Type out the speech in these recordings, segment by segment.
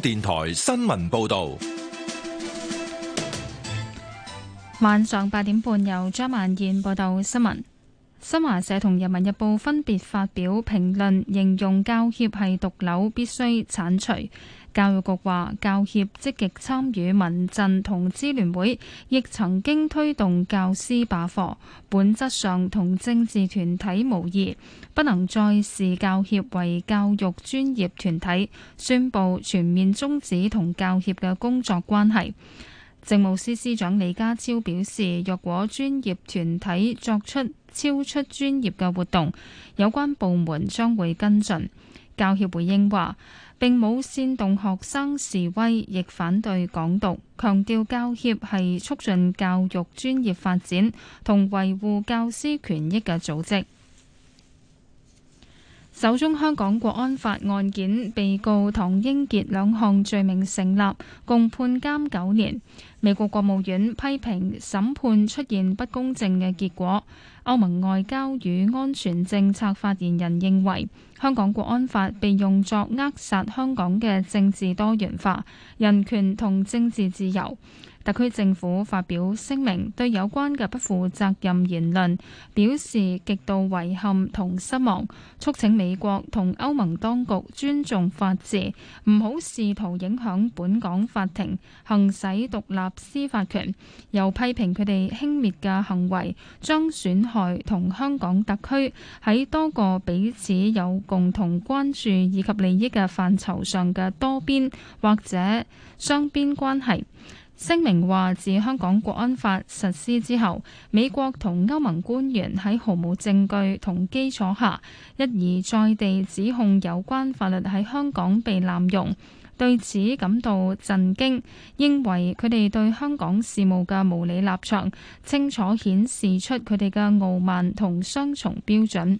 電台新聞報道。晚上八點半，由張萬燕報道新聞。新華社同《人民日報》分別發表評論，形容教協係毒瘤，必須剷除。教育局話，教協積極參與民陣同支聯會，亦曾經推動教師罷課，本質上同政治團體無異，不能再視教協為教育專業團體，宣布全面終止同教協嘅工作關係。政務司司長李家超表示，若果專業團體作出，超出專業嘅活動，有關部門將會跟進。教協回應話，並冇煽動學生示威，亦反對港獨，強調教協係促進教育專業發展同維護教師權益嘅組織。首宗香港國安法案件，被告唐英傑兩項罪名成立，共判監九年。美國國務院批評審判出現不公正嘅結果。歐盟外交與安全政策發言人認為，香港國安法被用作扼殺香港嘅政治多元化、人權同政治自由。特區政府發表聲明，對有關嘅不負責任言論表示極度遺憾同失望，促請美國同歐盟當局尊重法治，唔好試圖影響本港法庭行使獨立司法權，又批評佢哋輕蔑嘅行為將損害同香港特區喺多個彼此有共同關注以及利益嘅範疇上嘅多邊或者雙邊關係。聲明話：自香港國安法實施之後，美國同歐盟官員喺毫無證據同基礎下，一而再地指控有關法律喺香港被濫用，對此感到震驚，認為佢哋對香港事務嘅無理立場，清楚顯示出佢哋嘅傲慢同雙重標準。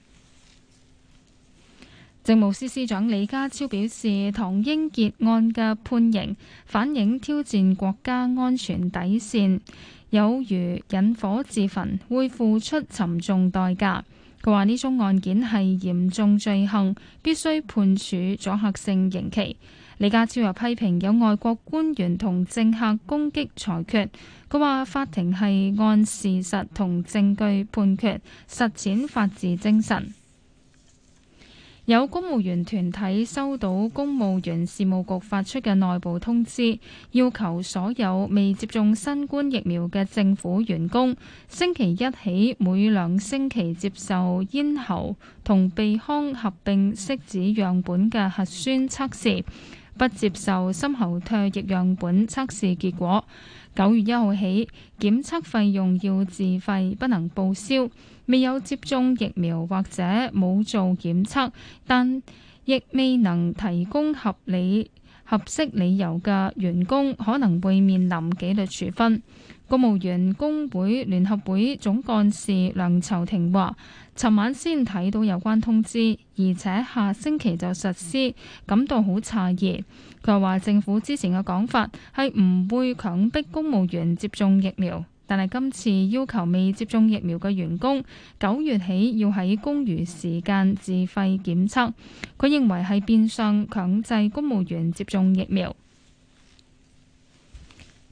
政務司司長李家超表示，唐英傑案嘅判刑反映挑戰國家安全底線，有如引火自焚，會付出沉重代價。佢話呢宗案件係嚴重罪行，必須判處阻嚇性刑期。李家超又批評有外國官員同政客攻擊裁決，佢話法庭係按事實同證據判決，實踐法治精神。有公務員團體收到公務員事務局發出嘅內部通知，要求所有未接種新冠疫苗嘅政府員工，星期一起每兩星期接受咽喉同鼻腔合併拭子樣本嘅核酸測試，不接受深喉唾液樣本測試結果。九月一號起，檢測費用要自費，不能報銷。未有接種疫苗或者冇做檢測，但亦未能提供合理合適理由嘅員工，可能會面臨紀律處分。公務員工會聯合會總幹事梁籌庭話：尋晚先睇到有關通知，而且下星期就實施，感到好詫異。佢話：政府之前嘅講法係唔會強迫公務員接種疫苗，但係今次要求未接種疫苗嘅員工九月起要喺公餘時間自費檢測。佢認為係變相強制公務員接種疫苗。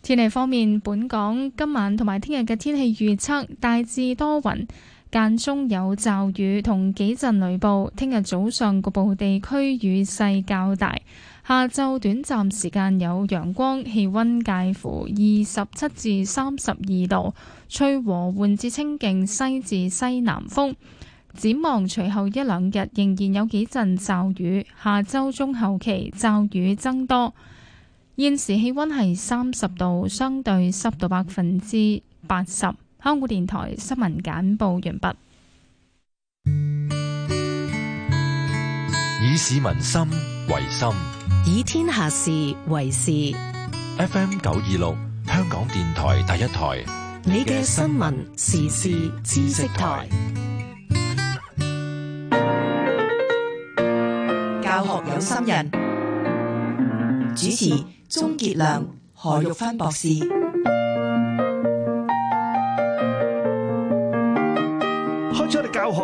天氣方面，本港今晚同埋聽日嘅天氣預測大致多雲，間中有驟雨同幾陣雷暴。聽日早上局部地區雨勢較大。下晝短暫時間有陽光，氣溫介乎二十七至三十二度，吹和緩至清勁西至西南風。展望隨後一兩日仍然有幾陣驟雨，下周中後期驟雨增多。現時氣溫係三十度，相對濕度百分之八十。香港電台新聞簡報完畢。嗯以市民心為心，以天下事為事。FM 九二六，香港電台第一台，你嘅新聞時事知識台，教學有心人，嗯、主持鍾傑良、何玉芬博士。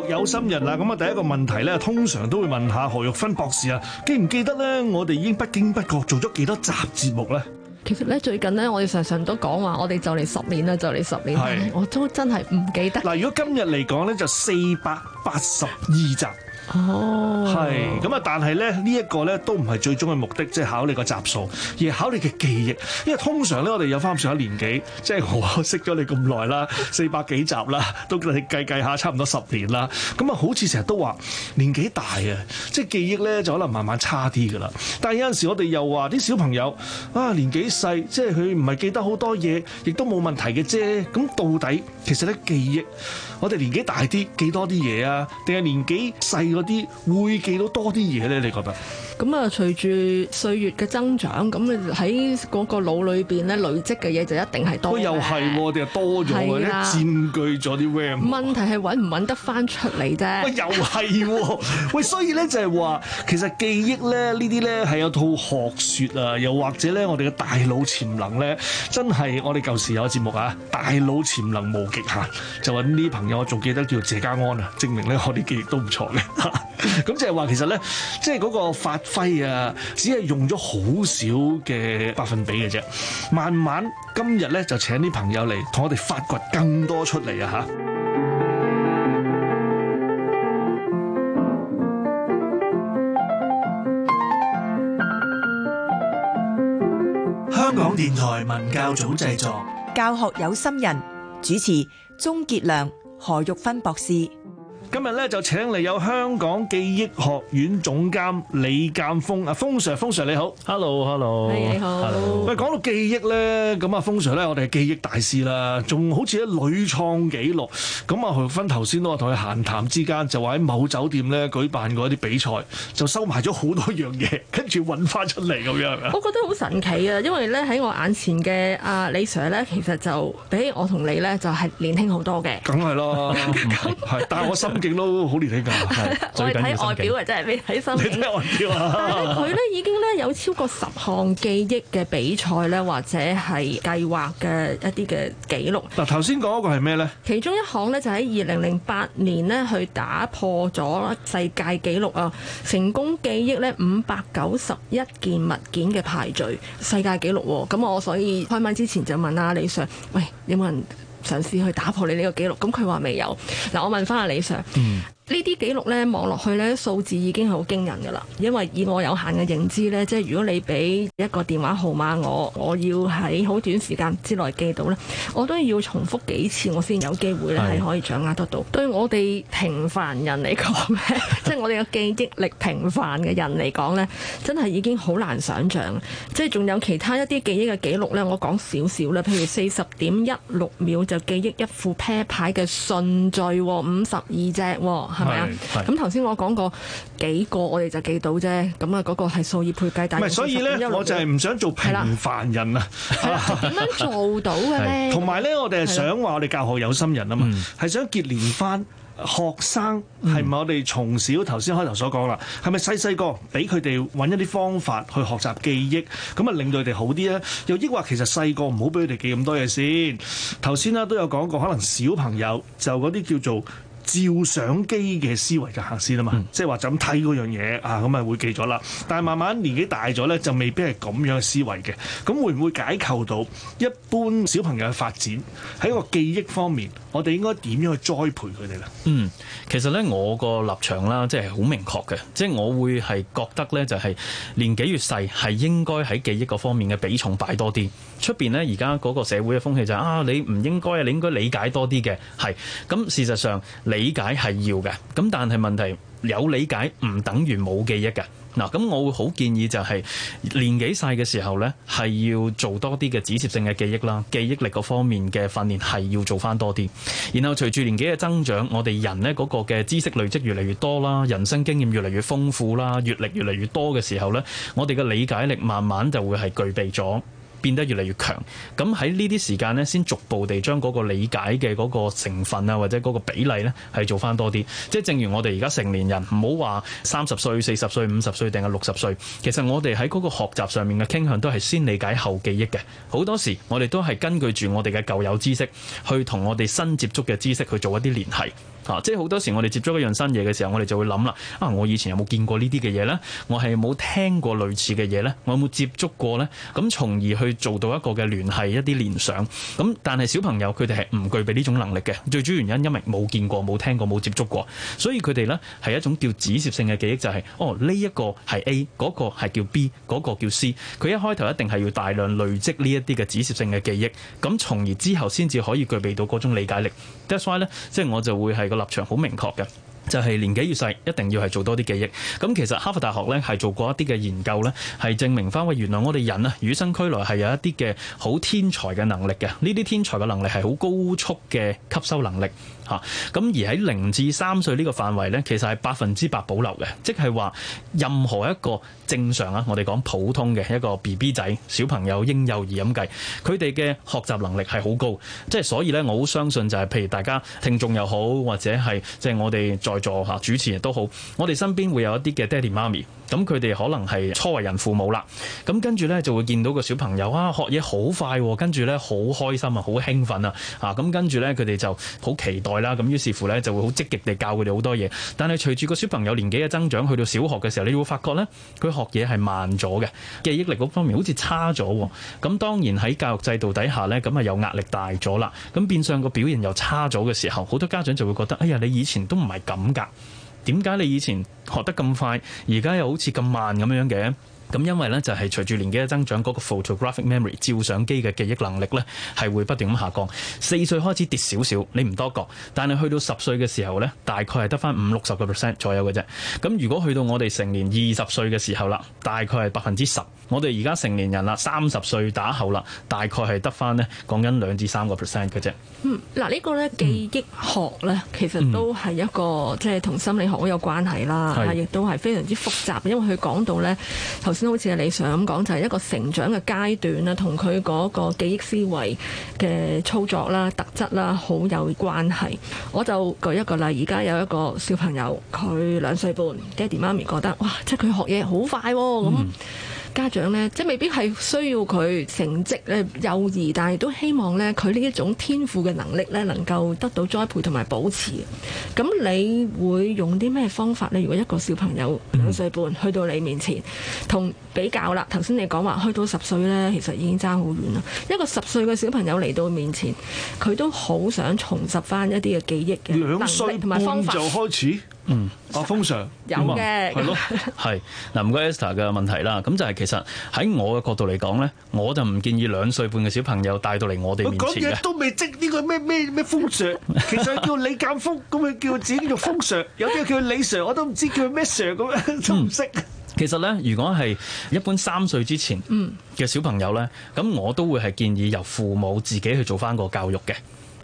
有心人啦，咁啊，第一個問題咧，通常都會問下何玉芬博士啊，記唔記得咧？我哋已經不經不覺做咗幾多集節目咧？其實咧，最近咧，我哋常常都講話，我哋就嚟十年啦，就嚟十年，係，我都真係唔記得。嗱，如果今日嚟講咧，就四百八十二集。 哦，係咁啊！但係咧，呢一個咧都唔係最終嘅目的，即係考你個集數，而係考你嘅記憶。因為通常咧，我哋有翻咁上下年紀，就是，即係我識咗你咁耐啦，四百幾集啦，都計計下差唔多十年啦。咁啊，好似成日都話年紀大啊，即係記憶咧就可能就慢慢差啲噶啦。但係有陣時我哋又話啲小朋友啊年紀細，即係佢唔係記得好多嘢，亦都冇問題嘅啫。咁到底其實咧記憶，我哋年紀大啲記多啲嘢啊，定係年紀細？嗰啲會記到多啲嘢咧？你覺得？咁啊，隨住歲月嘅增長，咁你喺嗰個腦裏邊咧累積嘅嘢就一定係多。又係，我哋啊多咗，咧佔據咗啲 RAM。問題係揾唔揾得翻出嚟啫。喂，又係喎！喂，所以咧，就係話，其實記憶咧，呢啲咧係有套學説啊，又或者咧，我哋嘅大腦潛能咧，真係我哋舊時有個節目啊，大腦潛能無極限，就揾呢啲朋友，我仲記得叫做謝家安啊，證明咧我啲記憶都唔錯嘅。咁即係話，其實咧，即係嗰個發揮啊，只係用咗好少嘅百分比嘅啫。慢慢今日咧，就請啲朋友嚟同我哋發掘更多出嚟啊！吓，香港電台文教組製作，教學有心人主持，鍾傑良、何玉芬博士。今日咧就請嚟有香港記憶學院總監李鑑峰。啊，峰 sir，峰 sir 你好，hello hello，你、hey，好。喂，講到記憶咧，咁啊峰 sir 咧，我哋係記憶大師啦，仲好似喺屢創紀錄。咁啊何玉芬頭先都話同佢閒談之間，就話喺某酒店咧舉辦過一啲比賽，就收埋咗好多樣嘢，跟住揾翻出嚟咁樣，係咪啊？我覺得好神奇啊，因為咧喺我眼前嘅啊李 sir 咧，其實就比我同你咧就係、是、年輕好多嘅。梗係咯，係， 但係我心。都好年輕㗎，我係睇外表嘅，真係睇心表， 但係佢咧已經咧有超過十項記憶嘅比賽咧，或者係計劃嘅一啲嘅紀錄。嗱，頭先講嗰個係咩咧？其中一項咧就喺二零零八年咧，去打破咗世界紀錄啊！成功記憶咧五百九十一件物件嘅排序，世界紀錄喎。咁我所以開麥之前就問阿李 Sir，喂，有冇人，想嘗試去打破你呢個紀錄，咁佢話未有。嗱，我問翻阿李 Sir。呢啲記錄咧望落去咧數字已經係好驚人㗎啦，因為以我有限嘅認知咧，即係如果你俾一個電話號碼我，我要喺好短時間之內記到咧，我都要重複幾次我先有機會咧係可以掌握得到。對我哋平凡人嚟講即係我哋嘅記憶力平凡嘅人嚟講咧，真係已經好難想像。即係仲有其他一啲記憶嘅記錄咧，我講少少啦。譬如四十點一六秒就記憶一副啤牌嘅順序哦，五十二隻哦。係咪啊？咁頭先我講過幾個，我哋就記到啫。咁啊，嗰個係數以倍計。唔係，所以咧，我就係唔想做平凡人啊。點樣做到嘅咧？同埋咧，我哋係想話我哋教學有心人啊嘛，係想結連翻學生，係咪我哋從小頭先開頭所講啦？係咪細細個俾佢哋揾一啲方法去學習記憶？咁啊，令到佢哋好啲啊？又抑或其實細個唔好俾佢哋記咁多嘢先？頭先咧，都有講過，可能小朋友就嗰啲叫做。照相機嘅思維就行先啦嘛、嗯，即係話就咁睇嗰樣嘢啊，咁啊會記咗啦。但係慢慢年紀大咗呢，就未必係咁樣嘅思維嘅。咁會唔會解構到一般小朋友嘅發展喺個記憶方面，我哋應該點樣去栽培佢哋呢？嗯，其實呢，我個立場啦，即係好明確嘅，即係我會係覺得呢，就係年紀越細，係應該喺記憶嗰方面嘅比重擺多啲。出面呢，而家嗰個社會嘅風氣就係、是、啊，你唔應該，啊，你應該理解多啲嘅係咁。事實上，理解係要嘅咁，但係問題有理解唔等於冇記憶嘅嗱。咁我會好建議就係、是、年紀細嘅時候咧，係要做多啲嘅指涉性嘅記憶啦，記憶力嗰方面嘅訓練係要做翻多啲。然後隨住年紀嘅增長，我哋人呢嗰、那個嘅知識累積越嚟越多啦，人生經驗越嚟越豐富啦，閲歷越嚟越多嘅時候咧，我哋嘅理解力慢慢就會係具備咗。變得越嚟越強，咁喺呢啲時間呢先逐步地將嗰個理解嘅嗰個成分啊，或者嗰個比例呢，係做翻多啲。即係正如我哋而家成年人，唔好話三十歲、四十歲、五十歲定係六十歲，其實我哋喺嗰個學習上面嘅傾向都係先理解後記憶嘅。好多時我哋都係根據住我哋嘅舊有知識，去同我哋新接觸嘅知識去做一啲聯繫。啊！即係好多時，我哋接觸一樣新嘢嘅時候，我哋就會諗啦。啊，我以前有冇見過呢啲嘅嘢呢？我係冇聽過類似嘅嘢呢？我有冇接觸過呢？咁從而去做到一個嘅聯繫一啲聯想。咁但係小朋友佢哋係唔具備呢種能力嘅。最主要原因因為冇見過、冇聽過、冇接觸過，所以佢哋呢，係一種叫指涉性嘅記憶，就係，就係哦呢一個，這個係 A，嗰個係叫 B，嗰個叫 C。佢一開頭一定係要大量累積呢一啲嘅指涉性嘅記憶，咁從而之後先至可以具備到嗰種理解力。That’s why 呢，即係我就會係。立場好明確嘅。就係年紀越細一定要係做多啲記憶，咁其實哈佛大學咧係做過一啲嘅研究咧，係證明翻喂，原來我哋人啊與生俱來係有一啲嘅好天才嘅能力嘅。呢啲天才嘅能力係好高速嘅吸收能力吓，咁而喺零至三歲呢個範圍咧，其實係百分之百保留嘅，即係話任何一個正常啊，我哋講普通嘅一個 BB 仔小朋友、嬰幼兒，咁計佢哋嘅學習能力係好高。即係所以咧，我好相信就係譬如大家聽眾又好，或者係即係我哋在座嚇主持人都好，我哋身邊會有一啲嘅爹哋媽咪，咁佢哋可能係初為人父母啦，咁跟住呢，就會見到個小朋友啊學嘢好快，哦，跟住呢，好開心啊，好興奮啊，嚇咁跟住呢，佢哋就好期待啦，咁於是乎呢，就會好積極地教佢哋好多嘢。但係隨住個小朋友年紀嘅增長，去到小學嘅時候，你會發覺呢，佢學嘢係慢咗嘅，記憶力嗰方面好似差咗，哦。咁當然喺教育制度底下呢，咁啊有壓力大咗啦，咁變相個表現又差咗嘅時候，好多家長就會覺得，哎呀，你以前都唔係咁。點解你以前學得咁快，而家又好似咁慢咁樣嘅？咁因為咧，就係隨住年紀嘅增長嗰個 photographic memory 照相機嘅記憶能力咧，係會不斷咁下降。四歲開始跌少少，你唔多覺，但係去到十歲嘅時候咧，大概係得翻五六十個 percent 左右嘅啫。咁如果去到我哋成年二十歲嘅時候啦，大概係百分之十。我哋而家成年人啦，三十歲打後啦，大概係得翻咧，講緊兩至三個 percent 嘅啫。嗯，嗱呢個咧記憶學咧，其實都係一個即係同心理學好有關係啦，係亦都係非常之複雜，因為佢講到咧頭先。好似你想咁講，就係一個成長嘅階段啦，同佢嗰個記憶思維嘅操作啦、特質啦，好有關係。我就舉一個例，而家有一個小朋友，佢兩歲半，爹哋媽咪覺得哇，即係佢學嘢好快咁。家長咧，即未必係需要佢成績咧幼兒，但係都希望咧佢呢一種天賦嘅能力咧，能夠得到栽培同埋保持嘅。咁你會用啲咩方法咧？如果一個小朋友兩歲半去到你面前，同比較啦，頭先你講話去到十歲咧，其實已經差好遠啦。一個十歲嘅小朋友嚟到面前，佢都好想重拾返一啲嘅記憶嘅能力同埋方法。就開始？嗯，阿、啊、峰 Sir、嗯、有嘅，係咯，係嗱，唔該 Esther 嘅問題啦。咁就係其實喺我嘅角度嚟講咧，我就唔建議兩歲半嘅小朋友帶到嚟我哋面前。講嘢都未識呢個咩咩咩，峰 Sir，其實叫李鑑峰，咁佢叫自己做峰 Sir，有啲叫李 Sir，我都唔知叫咩 Sir 咁樣，都唔識。其實咧，如果係一般三歲之前嘅小朋友咧，咁、嗯、我都會係建議由父母自己去做翻個教育嘅。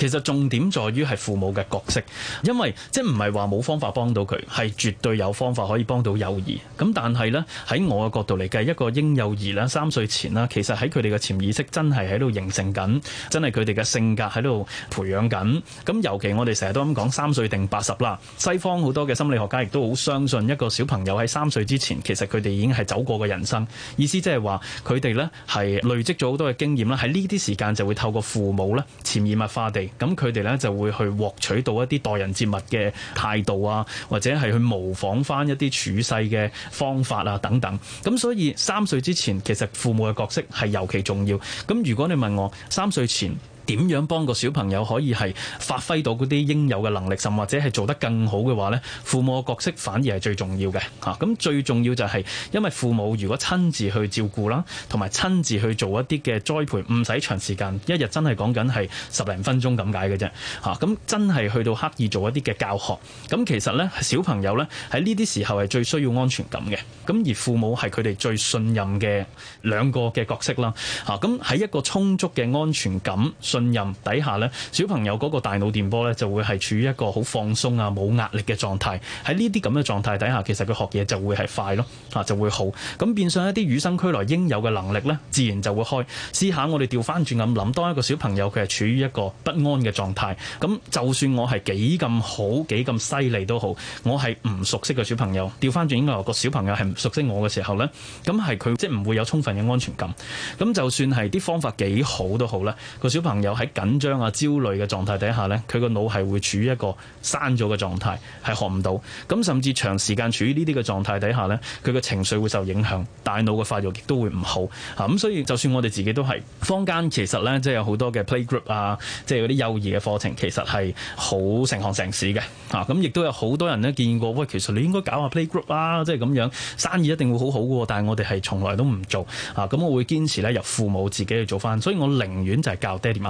其實重點在於係父母嘅角色，因為即係唔係話冇方法幫到佢，係絕對有方法可以幫到幼兒。咁但係呢，喺我嘅角度嚟計，一個嬰幼兒啦，三歲前啦，其實喺佢哋嘅潛意識真係喺度形成緊，真係佢哋嘅性格喺度培養緊。咁尤其我哋成日都咁講三歲定八十啦，西方好多嘅心理學家亦都好相信一個小朋友喺三歲之前，其實佢哋已經係走過嘅人生。意思即係話佢哋呢係累積咗好多嘅經驗啦，喺呢啲時間就會透過父母呢，潛移默化地。咁佢哋呢就會去獲取到一啲待人接物嘅態度啊，或者係去模仿翻一啲處世嘅方法啊等等。咁所以三歲之前其實父母嘅角色係尤其重要。咁如果你問我三歲前，點樣幫個小朋友可以係發揮到嗰啲應有嘅能力，甚至或者係做得更好嘅話呢，父母嘅角色反而係最重要嘅咁、啊、最重要就係因為父母如果親自去照顧啦，同埋親自去做一啲嘅栽培，唔使長時間，一日真係講緊係十零分鐘咁解嘅啫。咁真係去到刻意做一啲嘅教學，咁、啊、其實呢，小朋友呢喺呢啲時候係最需要安全感嘅。咁、啊、而父母係佢哋最信任嘅兩個嘅角色啦。咁喺一個充足嘅安全感，信任底下咧，小朋友嗰個大腦電波咧就會係處於一個好放鬆啊、冇壓力嘅狀態，喺呢啲咁嘅狀態底下，其實佢學嘢就會係快咯，啊就會好。咁變相一啲與生俱來應有嘅能力咧，自然就會開。試下我哋調翻轉咁諗，當一個小朋友佢係處於一個不安嘅狀態，咁就算我係幾咁好、幾咁犀利都好，我係唔熟悉嘅小朋友。調翻轉應該話個小朋友係唔熟悉我嘅時候咧，咁係佢即係唔會有充分嘅安全感。咁就算係啲方法幾好都好啦，個小朋友。有喺緊張啊、焦慮嘅狀態底下呢，佢個腦係會處於一個閂咗嘅狀態，係學唔到。咁甚至長時間處於呢啲嘅狀態底下呢，佢嘅情緒會受影響，大腦嘅發育亦都會唔好。啊，咁所以就算我哋自己都係坊間，其實呢，即係有好多嘅 playgroup 啊，即係嗰啲幼兒嘅課程，其實係好成行成市嘅。啊，咁亦都有好多人呢，見過，喂，其實你應該搞下 playgroup 啊，即係咁樣生意一定會好好嘅。但係我哋係從來都唔做。啊，咁我會堅持呢，由父母自己去做返。所以我寧願就係教爹哋媽。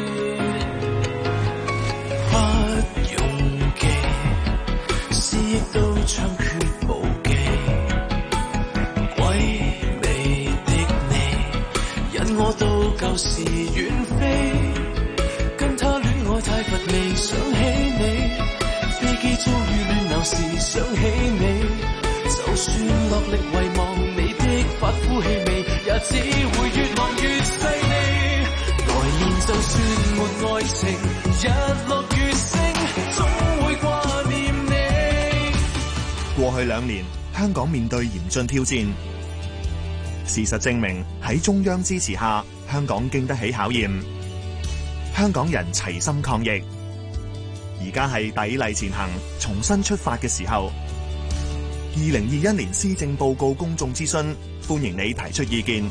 槍決無忌，詭秘的你引我到舊時遠飛，跟他戀愛太乏味，想起你，飛機遭遇亂流時想起你，就算落力遺忘你的髮膚氣味，也只會越忘越細膩。來年就算沒愛情，日落。兩年，香港面對嚴峻挑戰。事實證明，喺中央支持下，香港經得起考驗。香港人齊心抗疫，而家係砥礪前行、重新出發嘅時候。二零二一年施政報告公眾諮詢，歡迎你提出意見。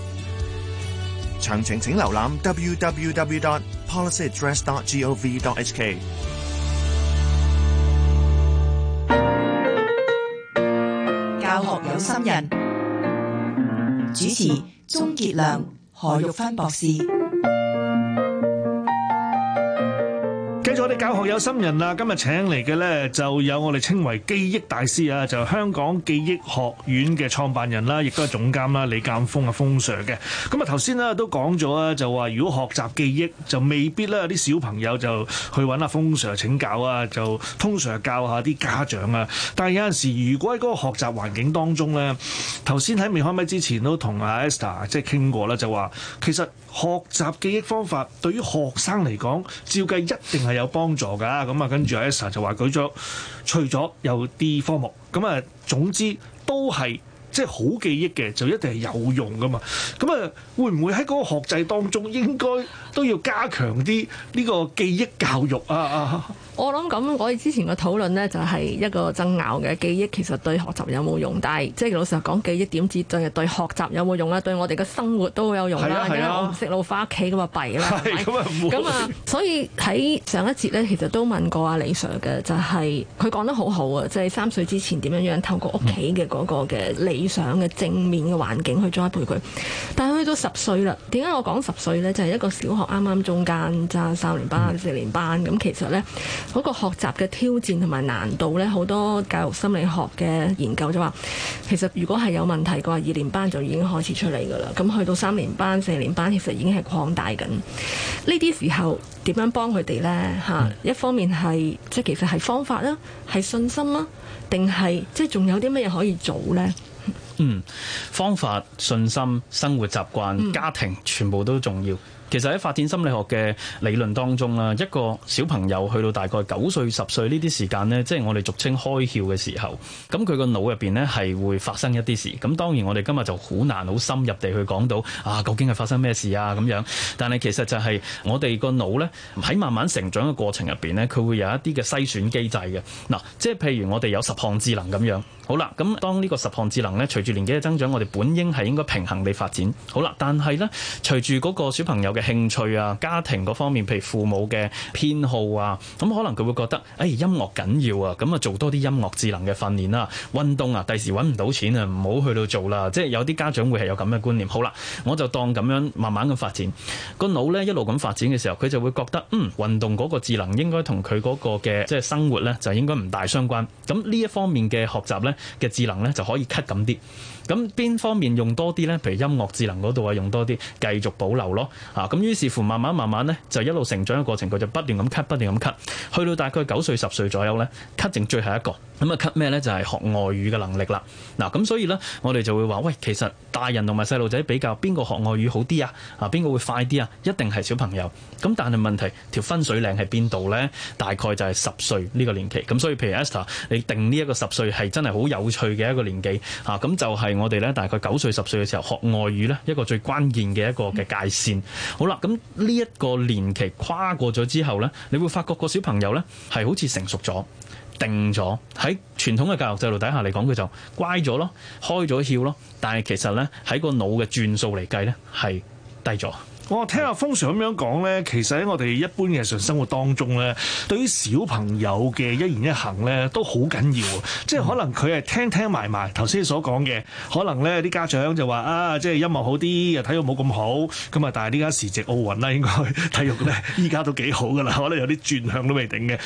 詳情請瀏覽 www.policyaddress.gov.hk。三人主持：鍾傑良、何玉芬博士。教學有心人啦，今日請嚟嘅呢就有我哋稱為記憶大師啊，就香港記憶學院嘅創辦人啦，亦都係總監啦，李鑑峰啊，風 sir 嘅。咁啊，頭先呢都講咗啊，就話如果學習記憶就未必啦，有啲小朋友就去揾阿風 sir 請教啊，就通常教下啲家長啊。但係有陣時，如果喺嗰個學習環境當中呢，頭先喺未開咪之前都同阿 Esther 即係傾過啦，就話其實。學習記憶方法對於學生嚟講，照計一定係有幫助㗎。咁啊，跟住阿 Elsa 就話舉咗，除咗有啲科目，咁啊，總之都係。即係好記憶嘅就一定係有用噶嘛？咁啊，會唔會喺嗰個學制當中應該都要加強啲呢個記憶教育啊？我諗咁，我哋之前嘅討論呢，就係、是、一個爭拗嘅記憶，其實對學習有冇用？但係即係老實講，記憶點就對對學習有冇用咧？對我哋嘅生活都好有用啦。係啊，唔識路翻屋企咁啊弊啦。咁啊，咁啊，啊，所以喺上一節呢，其實都問過阿李 sir 嘅，就係、是、佢講得好好啊，即、就、係、是、三歲之前點樣樣透過屋企嘅嗰個嘅理想嘅正面嘅環境去栽培佢，但係去到了十歲啦。點解我講十歲咧？就係、是、一個小學啱啱中間，即、就是、三年班、嗯、四年班咁。那其實咧、那個學習嘅挑戰同埋難度咧，好多教育心理學嘅研究就話，其實如果係有問題嘅話，二年班就已經開始出嚟噶啦。咁去到三年班、四年班，其實已經係擴大緊呢啲時候怎，點樣幫佢哋咧？吓，一方面係即係其實係方法啦、啊，係信心啦、啊，定係即係仲有啲乜嘢可以做咧？嗯，方法、信心、生活習慣、家庭，全部都重要。其實喺發展心理學嘅理論當中啦，一個小朋友去到大概九歲十歲呢啲時間呢，即係我哋俗稱開竅嘅時候，咁佢個腦入邊呢係會發生一啲事。咁當然我哋今日就好難好深入地去講到啊，究竟係發生咩事啊咁樣。但係其實就係我哋個腦呢，喺慢慢成長嘅過程入邊呢，佢會有一啲嘅篩選機制嘅。嗱，即係譬如我哋有十項智能咁樣。好啦，咁當呢個十項智能呢，隨住年紀嘅增長，我哋本應係應該平衡地發展。好啦，但係呢，隨住嗰個小朋友嘅興趣啊，家庭嗰方面，譬如父母嘅偏好啊，咁、嗯、可能佢會覺得，哎，音樂緊要啊，咁、嗯、啊做多啲音樂智能嘅訓練啦、啊，運動啊，第時揾唔到錢啊，唔好去到做啦。即係有啲家長會係有咁嘅觀念。好啦，我就當咁樣慢慢咁發展，個腦呢一路咁發展嘅時候，佢就會覺得，嗯，運動嗰個智能應該同佢嗰個嘅即係生活呢就應該唔大相關。咁、嗯、呢一方面嘅學習呢嘅智能呢就可以 cut 咁啲。咁、嗯、邊方面用多啲呢？譬如音樂智能嗰度啊，用多啲，繼續保留咯，啊。咁於是乎，慢慢慢慢咧，就一路成長嘅過程，佢就不斷咁 cut，不斷咁 cut，去到大概九歲十歲左右咧，cut 剩最後一個。咁啊，cut 咩咧？就係、是、學外語嘅能力啦。嗱、啊，咁所以咧，我哋就會話：喂，其實大人同埋細路仔比較，邊個學外語好啲啊？啊，邊個會快啲啊？一定係小朋友。咁但係問題條分水嶺係邊度咧？大概就係十歲呢個年期。咁所以譬如 Esther，你定呢一個十歲係真係好有趣嘅一個年紀吓。咁、啊、就係我哋咧大概九歲十歲嘅時候學外語咧，一個最關鍵嘅一個嘅界線。嗯。好啦，咁呢一個年期跨過咗之後呢，你會發覺個小朋友呢係好似成熟咗、定咗。喺傳統嘅教育制度底下嚟講，佢就乖咗咯、開咗竅咯，但係其實呢，喺個腦嘅轉數嚟計呢，係低咗。我聽阿峰 Sir 咁樣講呢，其實喺我哋一般日常生活當中呢，對於小朋友嘅一言一行呢，都好緊要。即係可能佢係聽聽埋埋頭先所講嘅，可能呢啲家長就話啊，即係音樂好啲，又體育冇咁好咁啊。但係呢家時值奧運啦，應該體育呢，依家都幾好噶啦，可能有啲轉向都未定嘅。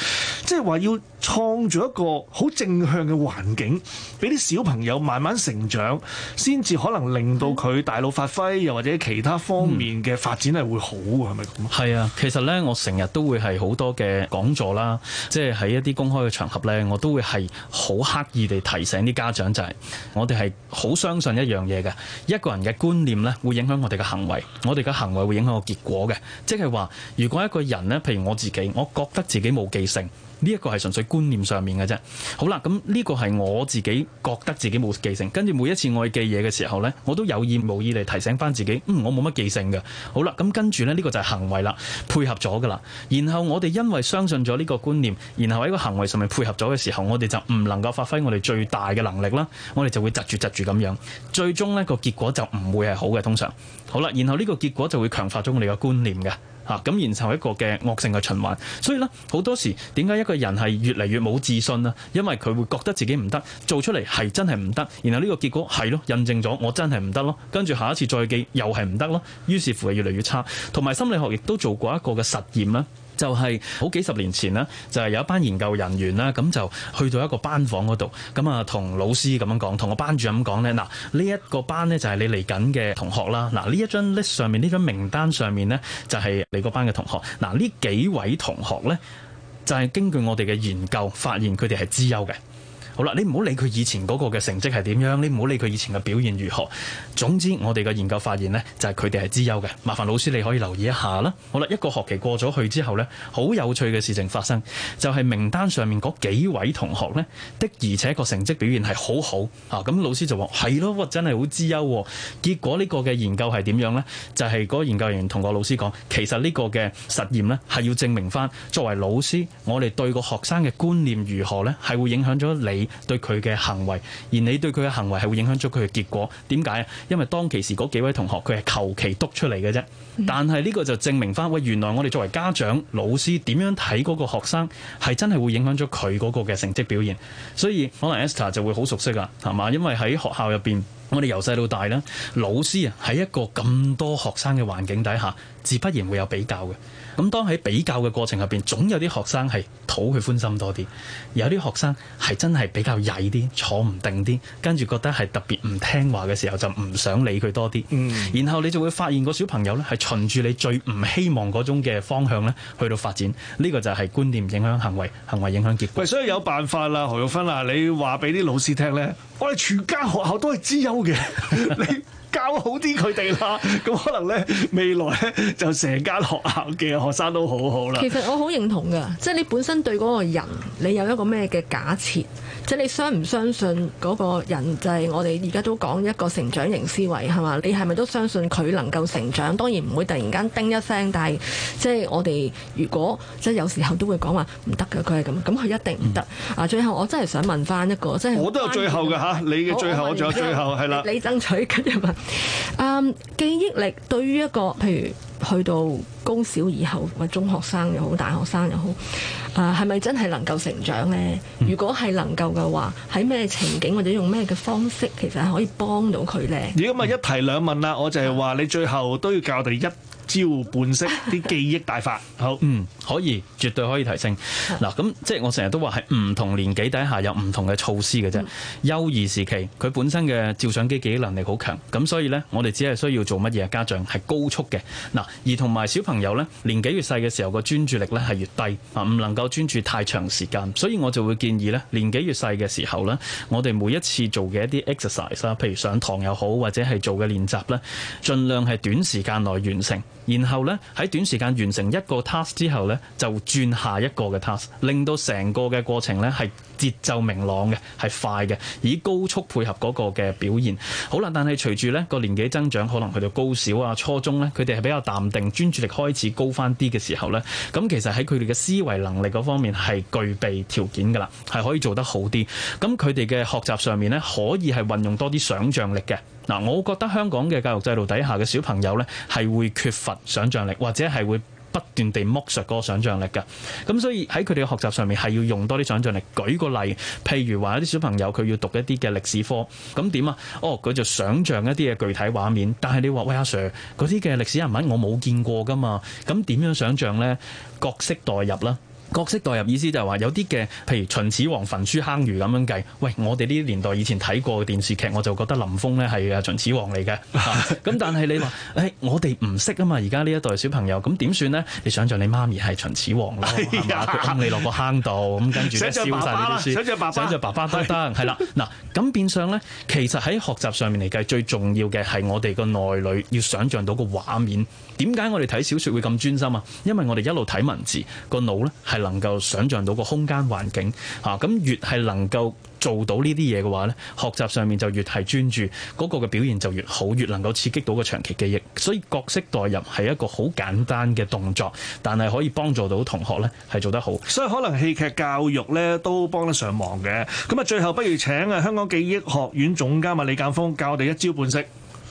即係話要創造一個好正向嘅環境，俾啲小朋友慢慢成長，先至可能令到佢大腦發揮，又或者其他方面嘅發發展係會好喎，係咪咁啊？係啊，其實呢，我成日都會係好多嘅講座啦，即係喺一啲公開嘅場合呢，我都會係好刻意地提醒啲家長、就是，就係我哋係好相信一樣嘢嘅，一個人嘅觀念呢，會影響我哋嘅行為，我哋嘅行為會影響個結果嘅，即係話如果一個人呢，譬如我自己，我覺得自己冇記性。呢一個係純粹觀念上面嘅啫。好啦，咁呢個係我自己覺得自己冇記性，跟住每一次我記嘢嘅時候呢，我都有意無意嚟提醒翻自己，嗯，我冇乜記性嘅。好啦，咁跟住呢，呢個就係行為啦，配合咗噶啦。然後我哋因為相信咗呢個觀念，然後喺個行為上面配合咗嘅時候，我哋就唔能夠發揮我哋最大嘅能力啦。我哋就會窒住窒住咁樣，最終呢個結果就唔會係好嘅，通常。好啦，然後呢個結果就會強化咗我哋嘅觀念嘅。嚇、啊、咁，然後一個嘅惡性嘅循環，所以咧，好多時點解一個人係越嚟越冇自信呢？因為佢會覺得自己唔得，做出嚟係真係唔得，然後呢個結果係咯，印證咗我真係唔得咯，跟住下一次再記又係唔得咯，於是乎係越嚟越差，同埋心理學亦都做過一個嘅實驗。就係、是、好幾十年前啦，就係、是、有一班研究人員啦，咁就去到一個班房嗰度，咁啊同老師咁樣講，同、個班主任講咧，嗱呢一個班咧就係你嚟緊嘅同學啦，嗱呢一張 list 上面呢張名單上面咧就係你個班嘅同學，嗱呢幾位同學咧就係、是、根據我哋嘅研究發現佢哋係資優嘅。好啦，你唔好理佢以前嗰個嘅成績係點樣，你唔好理佢以前嘅表現如何。總之，我哋嘅研究發現咧，就係佢哋係資優嘅。麻煩老師，你可以留意一下啦。好啦，一個學期過咗去之後咧，好有趣嘅事情發生，就係名單上面嗰幾位同學咧，的而且個成績表現係好好啊，咁老師就話係咯，真係好資優。結果呢個嘅研究係點樣咧？就係嗰個研究員同個老師講，其實呢個嘅實驗咧，係要證明翻作為老師，我哋對個學生嘅觀念如何咧，係會影響咗你。對佢嘅行為，而你對佢嘅行為係會影響咗佢嘅結果？點解？因為當其時嗰幾位同學佢係求其督出嚟嘅啫，但係呢個就證明翻喂，原來我哋作為家長、老師點樣睇嗰個學生，係真係會影響咗佢嗰個嘅成績表現。所以可能 Esther 就會好熟悉啊，係嘛？因為喺學校入邊。我哋由細到大啦，老師啊喺一個咁多學生嘅環境底下，自不然會有比較嘅。咁當喺比較嘅過程入邊，總有啲學生係討佢歡心多啲，有啲學生係真係比較曳啲，坐唔定啲，跟住覺得係特別唔聽話嘅時候，就唔想理佢多啲。嗯，然後你就會發現個小朋友咧，係循住你最唔希望嗰種嘅方向咧，去到發展。呢個就係觀念影響行為，行為影響結果。喂，所以有辦法啦，何玉芬啊，你話俾啲老師聽咧，我哋全間學校都係只有。 你教好啲佢哋啦，咁可能咧未來咧就成間學校嘅學生都好好啦。其實我好認同噶，即係你本身對嗰個人，你有一個咩嘅假設？即係你相唔相信嗰個人，就係我哋而家都講一個成長型思維係嘛？你係咪都相信佢能夠成長？當然唔會突然間叮一聲，但係即係我哋如果即係有時候都會講話唔得㗎，佢係咁，咁佢一定唔得啊！最後我真係想問翻一個，即係我都有最後嘅吓，你嘅最後我仲有最後係啦，你爭取緊一咪？嗯，um, 記憶力對於一個譬如。去到高小以後，或中學生又好，大學生又好，啊，係咪真係能夠成長呢？如果係能夠嘅話，喺咩情景或者用咩嘅方式，其實係可以幫到佢呢？如果咪一提兩問啦，我就係話你最後都要教我哋一。照半色啲記憶大法，好嗯可以，絕對可以提升。嗱咁、啊、即係我成日都話係唔同年紀底下有唔同嘅措施嘅啫。幼、嗯、兒時期佢本身嘅照相機記憶能力好強，咁所以呢，我哋只係需要做乜嘢？家長係高速嘅嗱、啊，而同埋小朋友呢，年紀越細嘅時候個專注力呢係越低啊，唔能夠專注太長時間，所以我就會建議呢，年紀越細嘅時候呢，我哋每一次做嘅一啲 exercise 啦，譬如上堂又好或者係做嘅練習呢，盡量係短時間內完成。然後咧，喺短時間完成一個 task 之後咧，就轉下一個嘅 task，令到成個嘅過程咧係節奏明朗嘅，係快嘅，以高速配合嗰個嘅表現。好啦，但係隨住咧個年紀增長，可能去到高小啊、初中咧，佢哋係比較淡定，專注力開始高返啲嘅時候咧，咁其實喺佢哋嘅思維能力嗰方面係具備條件㗎啦，係可以做得好啲。咁佢哋嘅學習上面咧，可以係運用多啲想像力嘅。嗱，我覺得香港嘅教育制度底下嘅小朋友呢，係會缺乏想像力，或者係會不斷地剝削嗰個想像力嘅。咁所以喺佢哋嘅學習上面係要用多啲想像力。舉個例，譬如話一啲小朋友佢要讀一啲嘅歷史科，咁點啊？哦，佢就想像一啲嘅具體畫面。但係你話，喂，阿 Sir，嗰啲嘅歷史人物我冇見過㗎嘛？咁點樣想像呢？角色代入啦。角色代入意思就係話有啲嘅，譬如秦始皇焚書坑儒咁樣計。喂，我哋呢啲年代以前睇過嘅電視劇，我就覺得林峯咧係啊秦始皇嚟嘅。咁 但係你話，誒、欸、我哋唔識啊嘛，而家呢一代小朋友，咁點算呢？你想像你媽咪係秦始皇咯，坑 你落個坑度，咁跟住 燒曬啲書，書。想像爸爸，想像爸爸得得，係啦。嗱， 咁變相呢，其實喺學習上面嚟計，最重要嘅係我哋個內裡要想像到個畫面。點解我哋睇小説會咁專心啊？因為我哋一路睇文字，個腦呢係。能夠想像到個空間環境嚇，咁、啊、越係能夠做到呢啲嘢嘅話咧，學習上面就越係專注，嗰、那個嘅表現就越好，越能夠刺激到個長期記憶。所以角色代入係一個好簡單嘅動作，但係可以幫助到同學呢係做得好。所以可能戲劇教育呢都幫得上忙嘅。咁啊，最後不如請啊香港記憶學院總監嘛李鑑峰教我哋一招半式。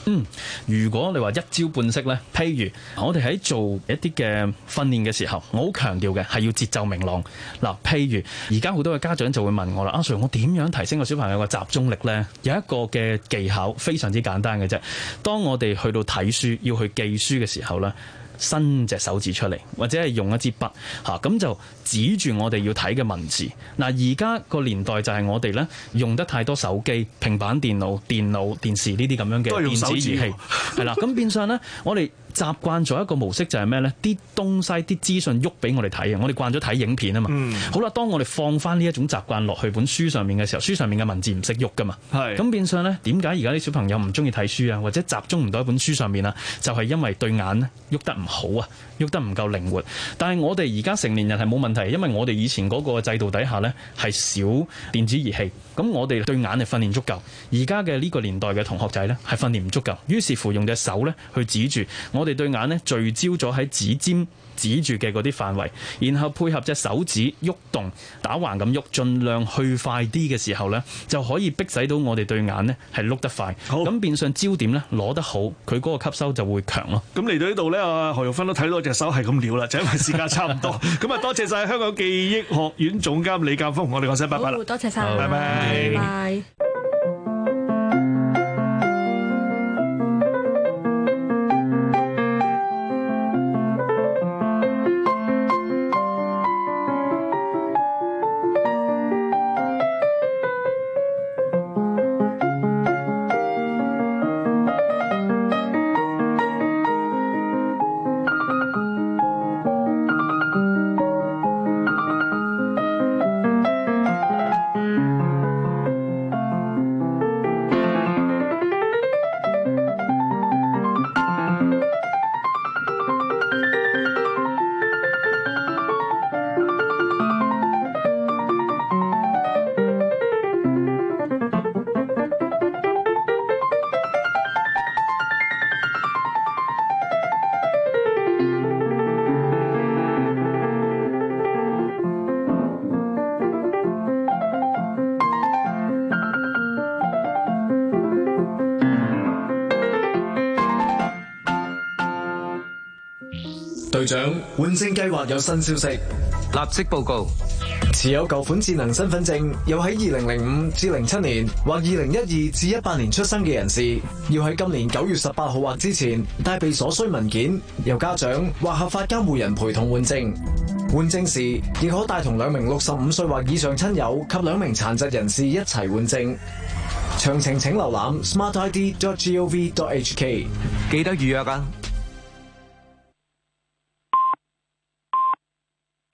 嗯，如果你話一招半式呢，譬如我哋喺做一啲嘅訓練嘅時候，我好強調嘅係要節奏明朗。嗱，譬如而家好多嘅家長就會問我啦，阿、啊、Sir，我點樣提升個小朋友嘅集中力呢？有一個嘅技巧非常之簡單嘅啫。當我哋去到睇書要去記書嘅時候呢。」伸隻手指出嚟，或者係用一支筆嚇，咁就指住我哋要睇嘅文字。嗱，而家個年代就係我哋呢，用得太多手機、平板電腦、電腦、電視呢啲咁樣嘅電子儀器，係啦、啊。咁 變相呢，我哋。習慣咗一個模式就係咩呢？啲東西、啲資訊喐俾我哋睇，我哋慣咗睇影片啊嘛。嗯、好啦，當我哋放翻呢一種習慣落去本書上面嘅時候，書上面嘅文字唔識喐噶嘛。咁變相呢，點解而家啲小朋友唔中意睇書啊？或者集中唔到喺本書上面啊？就係、是、因為對眼喐得唔好啊，喐得唔夠靈活。但係我哋而家成年人係冇問題，因為我哋以前嗰個制度底下呢，係少電子儀器，咁我哋對眼係訓練足夠。而家嘅呢個年代嘅同學仔呢，係訓練唔足夠，於是乎用隻手呢，去指住我哋對眼咧聚焦咗喺指尖指住嘅嗰啲範圍，然後配合隻手指喐動打橫咁喐，盡量去快啲嘅時候咧，就可以逼使到我哋對眼咧係碌得快。好，咁變相焦點咧攞得好，佢嗰個吸收就會強咯。咁嚟到呢度咧，何玉芬都睇到我隻手係咁了啦，就因為時間差唔多。咁啊，多謝晒香港記憶學院總監李鑑峰，我哋講聲拜拜啦。好，多謝晒，拜拜。Bye bye bye bye bye bye 隊長，換證計劃有新消息，立即報告。持有舊款智能身份證又喺二零零五至零七年或二零一二至一八年出生嘅人士，要喺今年九月十八號或之前帶備所需文件，由家長或合法監護人陪同換證。換證時亦可帶同兩名六十五歲或以上親友及兩名殘疾人士一齊換證。詳情請瀏覽 smartid.gov.hk。記得預約啊！